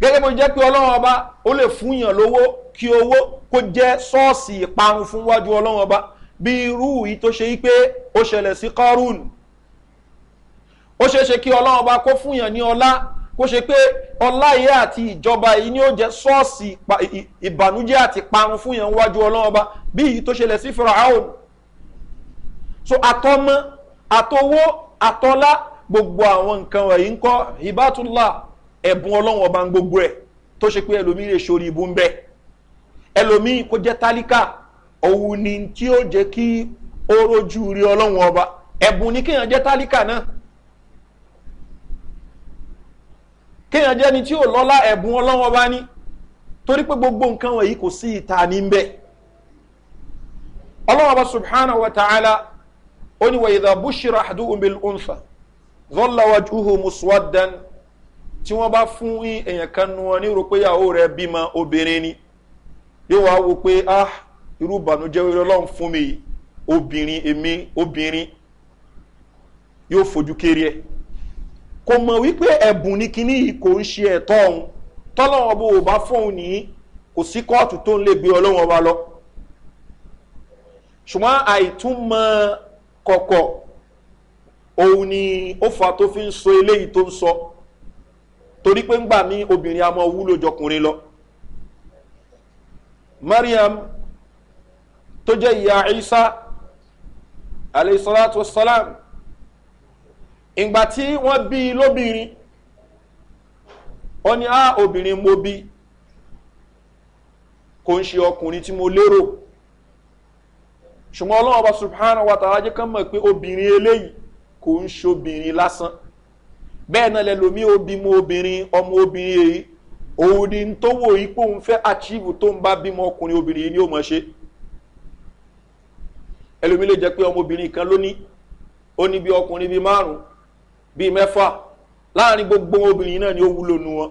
gẹ́gẹ́ bó jẹ́ pé ọlọ́run ọba ó lè fún yàn lówó kí owó kó jẹ́ sọ́ọ̀sì ìparun fún wájú ọlọ́run ọba bí irú yìí tó ṣe yí pé ó ṣẹlẹ̀ sí kọ́rùn ó ṣeé ṣe kí ọlọ́run ọba kó fún yàn ní ọlá kó ṣe pé ọlá yìí àti ìjọba yìí ni ó jẹ́ sọ́ọ̀sì ìbànújẹ́ àti parun fún yàn wájú ọlọ́run ọba bí yìí tó ṣẹlẹ̀ sí fìràhàn so àtọmọ àtowó àtọlá gbogbo àwọn nǹkan wọ̀nyí ń kọ́ ìbátúlá ẹ̀bùn ọlọ́run ọba ń gbogbo ẹ̀ tó ṣe pé ẹlòmíì lè ṣorí ibú ń bẹ́ ẹlòmíì kó jẹ́ tálíkà òun ni tí ó jẹ́ kí ó rojú rí ọlọ́run ọba ẹ̀bùn ni kéèyàn jẹ́ tálíkà náà kéèyàn jẹ́ ni tí ò lọ́lá ẹ̀bùn ọlọ́run ọba ní torí pé gbogbo nǹkan wọ̀nyí kò sí ìta ní ń bẹ́ ọlọ́run ọba subhanahu wa ta'ala ó ní wàyídà bushira ahadu umbil unfa tí wọ́n bá fún èèyàn kan nu wọn ní rò pé ìyàwó bímọ obìnrin ni yóò wá wo pé ah irú ìbànújẹ́ ọlọ́run fún mi yìí obìnrin èmi obìnrin yóò fojú kéré ẹ̀ kò mọ̀ wípé ẹ̀bùn ní kinní yìí kò ń ṣe ẹ̀tọ́ òun tọ́lọ́wọ́n bó o bá fóun nìyí kò sí kóòtù tó ń lè gbé ọlọ́run ọba lọ ṣùgbọ́n àìtúmọ̀ kọ̀kọ̀ òun ni ó fa tó fi ń sọ eléyìí tó ń sọ. So torí pé ńgbà mí obìnrin a máa wúlò jọkùnrin lọ mariam tó jẹ́ ìyá isa aleyhisalatu salam ìgbà tí wọn bí i lóbìnrin ó ní á ah, obìnrin mo bí kò ń ṣe ọkùnrin tí mo lérò ṣùgbọ́n ọlọ́wọ́ bá subhanahu wa ta'ala jẹ́ kán mọ̀ pé obìnrin eléyìí kò ń ṣobìnrin lásán bẹ́ẹ̀ náà lẹ́lòmí obìmọ obìnrin ọmọ obìnrin yìí òun ni tó wò yí pé òun fẹ́ achieve tó ń bá bímọ ọkùnrin obìnrin yìí ni ó mọ̀ ṣe ẹlòmí lè jẹ́ pé kan lóní ó ní bí ọkùnrin bíi márùn láàrin gbogbo obìnrin ni ó wúlò nu wọn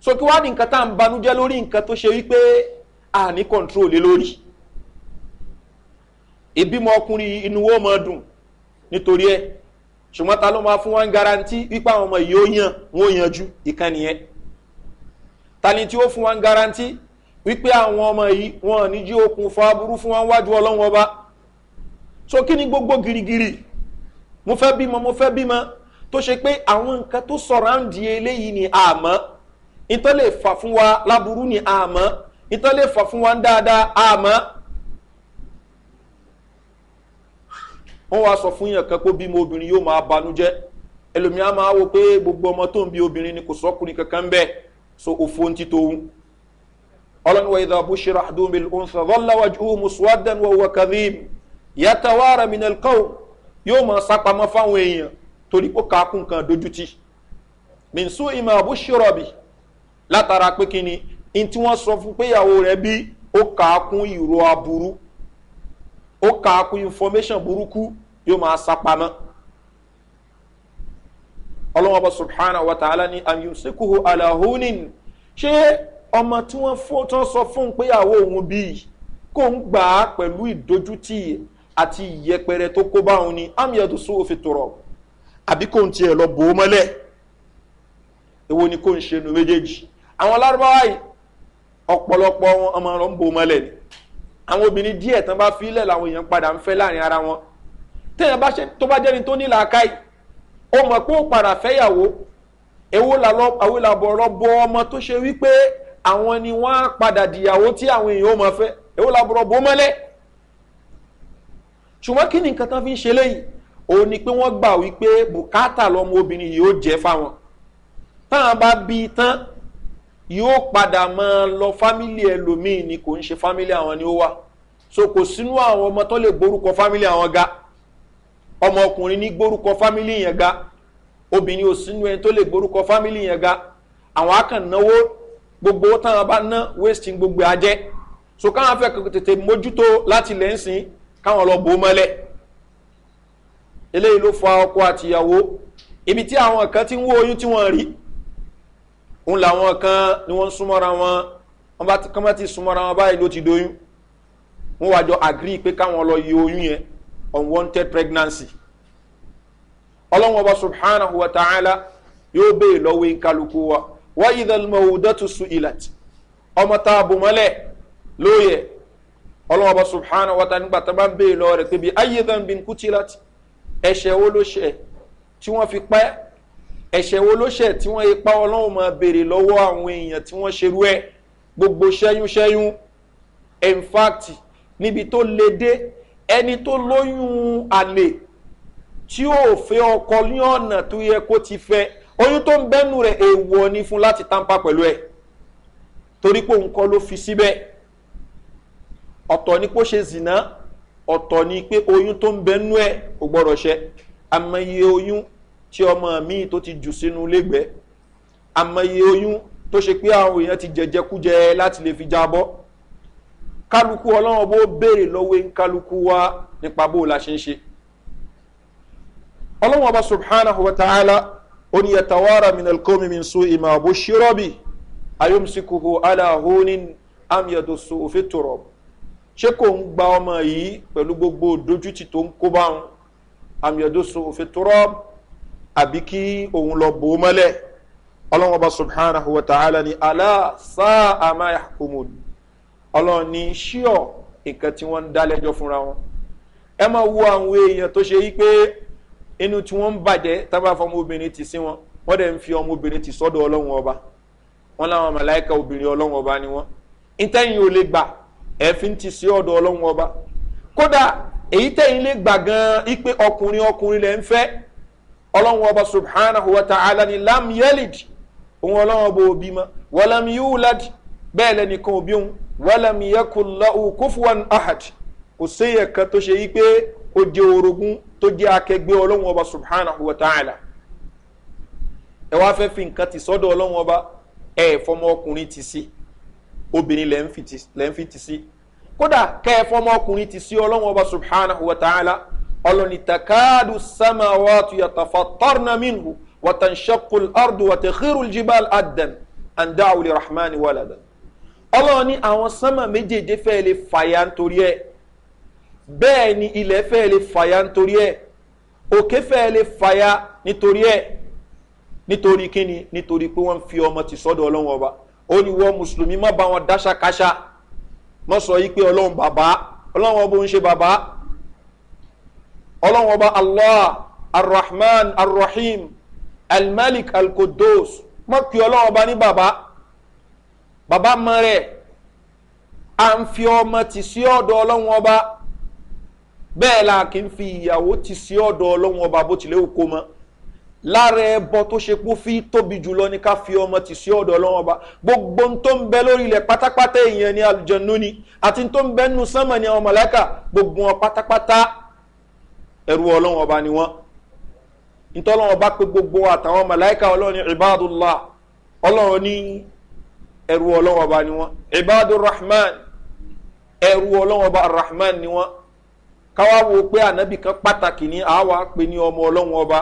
so kí nǹkan tá à ń banújẹ́ a ní control lé lórí ìbímọ ọkùnrin inú wo máa ṣùgbọ́n ta ló máa fún wọn garanti wípé àwọn ọmọ yìí ó yan wọn ó yanjú ìkànnì yẹn ta ni tí ó fún wọn garanti wípé àwọn ọmọ yìí wọn ò ní jí okun fa aburú fún wọn wájú ọlọ́run ọba so kí ni gbogbo girigiri mo fẹ́ bímọ mo fẹ́ bímọ tó ṣe pé àwọn nǹkan tó sọ̀rọ̀ à eléyìí ni àmọ́ ìtọ́ lè fà fún wa láburú ni àmọ́ ìtọ́ lè fà fún wa dáadáa àmọ́ wọ́n wá sọ fún yàn kan pé bímọ obìnrin yóò máa banújẹ́ ẹlòmíà máa wo pé gbogbo ọmọ tó ń bi obìnrin ni kò sọ́kùnrin kankan ń bẹ̀ so òfo ń ti tóun ọlọ́ni wa ìdá bó ṣera àdó lọ́láwájú musuwadan wa wa kazeem yàtọ̀ wàrà minelkow yóò máa sápamọ́ fáwọn èèyàn torí pé kaakùn kan dojútì minsu ìmọ̀ àbú ṣèrọ̀bì látara pé kí in tí wọ́n sọ fún péyàwó rẹ̀ bí ó kaakùn ìró aburú ó kaakùn information burúkú yóò máa sápamọ́ ọlọ́wọ́n bá subhana wa ta'ala ni amyusikuhu alahunin ṣé ọmọ tí wọ́n fún tán sọ fún péyàwó òun bíi kó ń gbà á pẹ̀lú ìdójútì àti ìyẹpẹrẹ tó kó bá òun ni amyadusu òfin tòrọ àbí kò ń tiẹ̀ lọ bò ó mọ́lẹ̀ èwo ni kò ń ṣe nu méjèèjì àwọn lárúbáwá yìí ọ̀pọ̀lọpọ̀ ọmọ ọ̀rọ̀ ń bò ó mọ́lẹ̀ ni àwọn obìnrin díẹ̀ tán bá fi ilẹ̀ làwọn èèyàn padà ń fẹ́ láàrin ara wọn téèyàn bá ṣe tó bá jẹ́ni tó ní làákàyè ó mọ̀ pé ó padà fẹ́yàwó èwo làbọ̀rọ̀ bọ ọmọ tó ṣe wípé àwọn ni wọ́n á padà dìyàwó tí àwọn èèyàn ó mọ̀ fẹ́ èwo làbọ̀rọ̀ bọ mọ́lẹ̀ ṣùgbọ́n kí ni nǹkan tán fi ń ṣe léyìí òun ni pé wọ́n gbà wípé bùkátà lọmọ obìnrin yìí ó jẹ́ fáwọn táwọn bá bí i tán yóò padà máa lọ fámílì ẹlòmíì ni kò ń ṣe fámílì àwọn ni ó wà so kò sínú àwọn ọmọ tó lè borúkọ fámílì àwọn ga ọmọkùnrin ní gbórúkọ fámílì yẹn ga obìnrin ò sínú ẹni tó lè gbórúkọ fámílì yẹn ga àwọn akànnáwó gbogbo táwọn bá ná waste gbogbo ajẹ so káwọn fẹ tètè mójútó láti lẹ́sìn káwọn lọ bò ó mọ́lẹ̀ eléyìí ló fa ọkọ àtìyàwó ibi tí àwọn kan ti ń wó oyún tí wọ́n rí òun làwọn kan ni wọ́n súnmọ́ra wọn wọ́n bá ti súnmọ́ra wọn báyìí ló ti doyún wọ́n wájọ agree pé káwọn lọ yí oyún yẹn unwanted pregnancy ọlọ́run ọba subhanahu wa ta'ala yóò béè lọ́wọ́ ìkálukú wa wá ìdàlùmọ̀ òdàtú su ìlàt ọmọ tá a bò mọ́lẹ̀ lóye ọlọ́run ọba subhanahu wa ta'ala nígbà tá a bá ń béè lọ́wọ́ rẹ̀ pé bí ayé dàn bí kútìlát ẹ̀ṣẹ̀ wo ló ṣẹ̀ tí wọ́n fi pẹ́ ẹ̀ṣẹ̀ wo ló ṣẹ̀ tí wọ́n ipa ọlọ́run máa béèrè lọ́wọ́ àwọn èèyàn tí wọ́n ṣerú ẹ̀ gbogbo ṣẹ́yún ṣẹ́yún in fact níbi tó le dé ẹni tó lóyún àlè tí ó fẹ́ ọkọ ní ọ̀nà tó yẹ kó ti fẹ́ oyún tó ń bẹ́nu rẹ̀ èèwọ̀ ni fún láti tampa pẹ̀lú ẹ̀ torí pé òun kọ́ ló fi síbẹ̀ ọ̀tọ̀ ni kó ṣe zìnà ọ̀tọ̀ ni pé oyún tó ń bẹ́nu ẹ̀ kò gbọ́dọ̀ ṣẹ amọye oyún tí ọmọ mi tó ti jù sínú lẹ́gbẹ̀ẹ́ amọye oyún tó ṣe pé àwọn èèyàn ti jẹjẹkújẹ láti lè fi jábọ́ kálukú ọlọ́run bó béèrè lọ́wọ́ kálukú wá nípa bó la ṣe ń ṣe ọlọ́run ọba subhanahu wa ta'ala oni yatawara min alkomi min su ima bu shirobi ayomsikuhu ala honin am yadosu ofe torob ṣé kò ń gba ọmọ yìí pẹ̀lú gbogbo dojútì tó ń kó bá wọn am yadosu ofe torob àbí kí òun lọ bò ó mọ́lẹ̀ ọlọ́run ọba subhanahu wa ta'ala ni àmà yahkumun ọlọ́run ní ṣíọ̀ nǹkan tí wọ́n ń dálẹ́jọ́ fúnra wọn ẹ máa wo àwọn èèyàn tó ṣe yí pé inú tí wọ́n ń bàjẹ́ tábà ti sí wọn wọ́n dẹ̀ ń fi ọmọbìnrin ti sọ́dọ̀ ọlọ́run ọba wọn làwọn màláìka obìnrin ọlọ́run ọba ni wọ́n ìtẹ́yìn ò gbà ẹ̀fín ti sí ọ̀dọ̀ ọlọ́run ọba kódà èyí gbà gan-an ọkùnrin ọkùnrin ń fẹ́ ọlọ́run ni lam yelid òun ọlọ́run ọba òbí wàlámi yakunla okufuwan ahad kò séyẹ kan tó ṣe yí pé ó jẹ orogún tó jẹ akẹgbẹ ọlọ́run ọba subhanahu wa ta'ala ẹ wá fẹ́ fi nǹkan ti sọ́dọ̀ ọlọ́run ọba ẹ fọmọ ọkùnrin ti sí obìnrin lẹ́ ń fi ti sí kódà kẹ́ ẹ fọmọ ọkùnrin ti sí ọlọ́run ọba subhanahu wa ta'ala ọlọ́ni takadu sama wa tuyata fatarna minhu watan shakul ardu wata khirul jibal adan andawuli rahman waladan ọlọ́run ní àwọn sánmà méjèèjì fẹ́ lè fàyà nítorí ẹ̀ bẹ́ẹ̀ ni ilẹ̀ fẹ́ lè fàyà nítorí ẹ̀ òkè fẹ́ lè fàyà nítorí ẹ̀ nítorí kíni nítorí pé wọ́n fi ọmọ ti sọ́dọ̀ ọlọ́run ọba ó ní wọ́n mùsùlùmí má bá wọn dáṣakáṣá má sọ yí pé ọlọ́run bàbá ọlọ́run ọba ń ṣe bàbá ọlọ́run ọba allah arrahman arrahim almalik alkodos má pe ọlọ́run ọba ní bàbá baba mọ rẹ à ń fi ọmọ tì sí ọ̀dọ̀ ọlọ́run ọba bẹ́ẹ̀ la kì í fi ìyàwó tì sí ọ̀dọ̀ ọlọ́run ọba bó tilẹ̀ òkó mọ́ lára ẹbọ tó ṣe pé fi tóbi jùlọ ní ká fi ọmọ tì sí ọ̀dọ̀ ọlọ́run ọba gbogbo tó ń bẹ lórí ilẹ̀ pátápátá èèyàn ní alùjẹ̀nu ni àti tó ń bẹ nù sánmọ̀ ní àwọn mọ̀lẹ́kà gbogbo wọn pátápátá ẹrú ọlọ́run ọba ni wọ́n nítorí ọlọ́run ọba pé gbogbo àtàwọn mọ̀lẹ́kà ọlọ́run ibadullah ọlọ́run ní ẹrú ọlọ́wọ́ bá ni wọ́n ibadu rahman ẹrú ọlọ́wọ́ bá rahman ni wọ́n káwá wo pé ànábì kan pàtàkì ní àwa pé ní ọmọ ọlọ́wọ́ ọba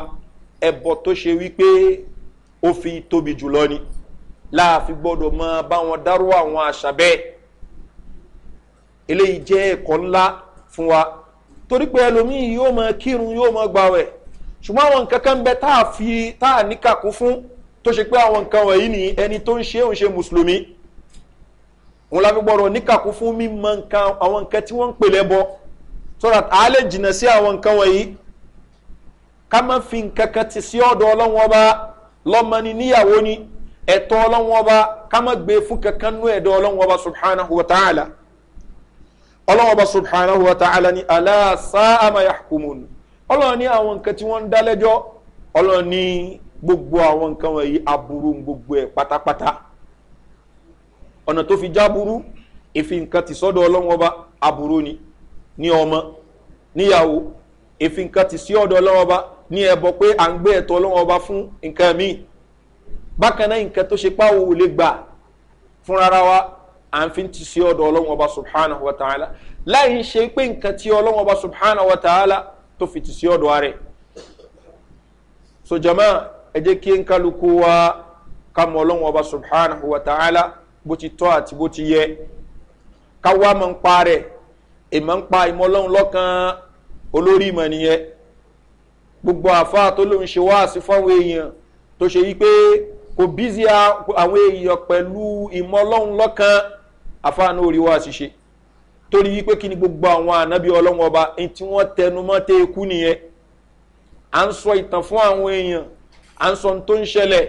ẹ̀bọ tó ṣe wípé ó fi tóbi jùlọ ni láàfin gbọ́dọ̀ máa bá wọn dárò àwọn àṣà bẹ́ẹ̀ eléyìí jẹ́ ẹ̀kọ́ ńlá fún wa torí pé ẹlòmíì yóò máa kírun yóò máa gbàwẹ̀ ṣùgbọ́n àwọn nǹkan bẹ tá a fi tá a níkàkú fún tó ṣe pé àwọn nǹkan wọ̀nyí ni ẹni tó ń ṣe òun ṣe mùsùlùmí òun láfi gbọ́dọ̀ níkàkú fún mímọ nǹkan àwọn nǹkan tí wọ́n ń pè lẹ́bọ so that a lè jìnnà sí àwọn nǹkan wọ̀nyí ká má fi nǹkan kan ti sí ọ̀dọ̀ ọlọ́run ọba lọ́mọ ni níyàwó ni ẹ̀tọ́ ọlọ́run ọba ká má gbé fún kankan nú ẹ̀dọ́ ọlọ́run ọba subhanahu wa ta'ala ọlọ́run ọba subhanahu wa ta'ala ni aláàsáàmà yahkumun ọlọ́run ní àwọn nǹkan tí wọ́n ń dálẹ́jọ́ ọlọ́run ní gbogbo àwọn nǹkan wọ̀nyí aburú gbogbo ẹ̀ pátápátá ọ̀nà tó fi jáburú èfi nǹkan ti sọ́dọ̀ ọlọ́wọ́n bá aburú ni ní ọmọ níyàwó èfi nǹkan ti sí ọ̀dọ̀ ọlọ́wọ́n bá ní ẹbọ pé à ń gbé ẹ̀tọ́ ọlọ́wọ́n bá fún nǹkan míì bákan náà nǹkan tó ṣe páwo ò lè gbà fúnra wa à ń fi ti sí ọ̀dọ̀ ọlọ́wọ́n bá subhanahu wa ta'ala láì ṣe pé nǹkan tí ọlọ́wọ́n bá subhanahu wa ta'ala tó fi ti sí ọ̀dọ̀ rẹ̀ so jama ẹ jẹ́ kí n kálukú wa ká mọ ọlọ́run ọba subhanahu wa ta'ala bó ti tọ́ àti bó ti yẹ ká wá mọ̀ ń pa rẹ̀ ìmọ̀ ń pa ìmọ̀ ọlọ́run lọ́kàn olórí ìmọ̀ nìyẹn gbogbo àfáà tó lóun ṣe wá sí fáwọn èèyàn tó ṣe yí pé kò bízí àwọn èèyàn pẹ̀lú ìmọ̀ ọlọ́run lọ́kàn àfáà náà rí wá ṣiṣẹ́ torí wípé kí ni gbogbo àwọn ànábì ọlọ́run ọba ẹni tí wọ́n tẹnu mọ́ tẹ́ ikú nìyẹn à ń sọ ìtàn fún àwọn èèyàn à ń sọ tó ń ṣẹlẹ̀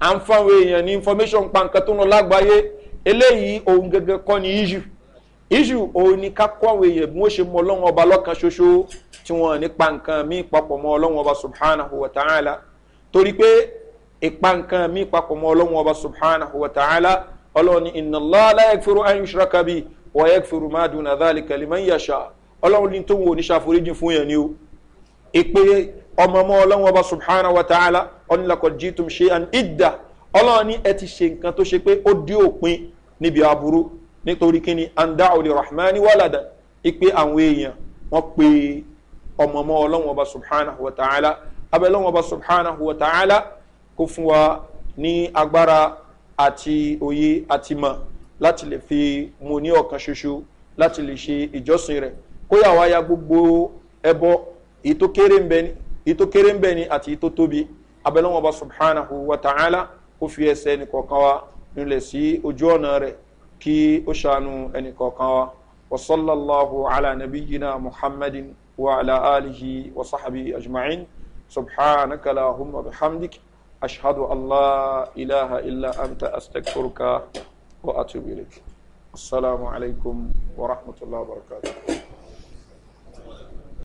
à ń fáwọn èèyàn ní information pa nǹkan tó ń lọ lágbàáyé eléyìí òun gẹ́gẹ́ kọ́ ni issue issue òun ni ká kó àwọn èèyàn bí wọ́n ṣe mọ ọlọ́run ọba lọ́kan ṣoṣo tí wọ́n nípa nǹkan míì papọ̀ mọ́ ọlọ́run ọba subhanahu wa ta'ala torí pé ìpa nǹkan míì papọ̀ mọ́ ọlọ́run ọba subhanahu wa ta'ala ọlọ́run iná lọ́la ẹ̀kfẹ́rù ayúnṣẹ́rakabi wọ́n ẹ̀kfẹ́rù máa dùn náà dáàlì kẹlẹ́mọ́ ìyàṣà ọlọ́run ní tó ń wò ní ṣàforíjì fún yẹn ni ó ìpè ọmọ ọmọ ọlọ́run ọba subhanahu wa ta'ala ọ̀nìlàkọ̀ jítum ṣe an ìdá ọlọ́run ní ẹ ti ṣe nǹkan tó ṣe pé ó dé òpin níbi aburú nítorí kíni andá olè rahmani wàlàdà ipe àwọn èèyàn wọn pe ọmọ ọlọ́run ọba subhanahu wa ta'ala abẹ́ ọlọ́run ọba subhanahu wa ta'ala kó fún wa ní agbára àti òye àti mọ̀ láti lè fi mu ní ọ̀kan ṣoṣo láti lè ṣe ìjọsìn rẹ̀ kó yà wá ya gbogbo ẹbọ èyí tó kéré ń bẹ ni àti èyí tóbi abẹ́lẹ́wọ̀n ọba subhanahu wa ta'ala kó fi ẹsẹ̀ ẹnìkọ̀ọ̀kan wa nílẹ̀ sí ojú ọ̀nà rẹ̀ kí ó ṣàánú ẹnìkọ̀ọ̀kan wa wasallallahu ala nabiyina muhammadin wa ala alihi wa sahabi ajma'in subhanaka lahumma bihamdik ashhadu an la ilaha illa anta astaghfiruka wa atubu ilayk assalamu alaikum wa rahmatullahi wa barakatuh